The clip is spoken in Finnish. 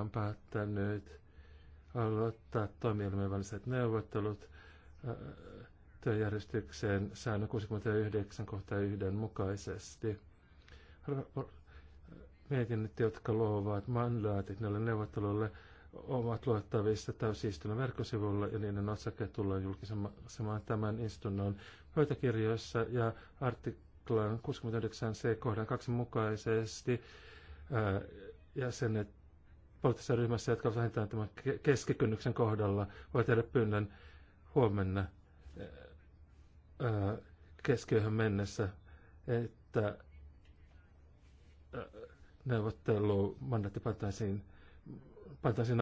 on päättänyt aloittaa toimielimen neuvottelut työjärjestykseen säännön 69 kohta yhden mukaisesti. Mietinnöt, jotka luovat mandaatit näille neuvotteluille, ovat luettavissa täysistunnon verkkosivulla ja niiden osake tullaan julkisemaan tämän istunnon pöytäkirjoissa ja artiklan 69c kohdan 2 mukaisesti jäsenet poliittisessa ryhmässä, jotka ovat vähintään tämän keskikynnyksen kohdalla, voi tehdä pyynnön huomenna keskiöhön mennessä, että neuvottelu mandaatti pantaisiin, pantaisiin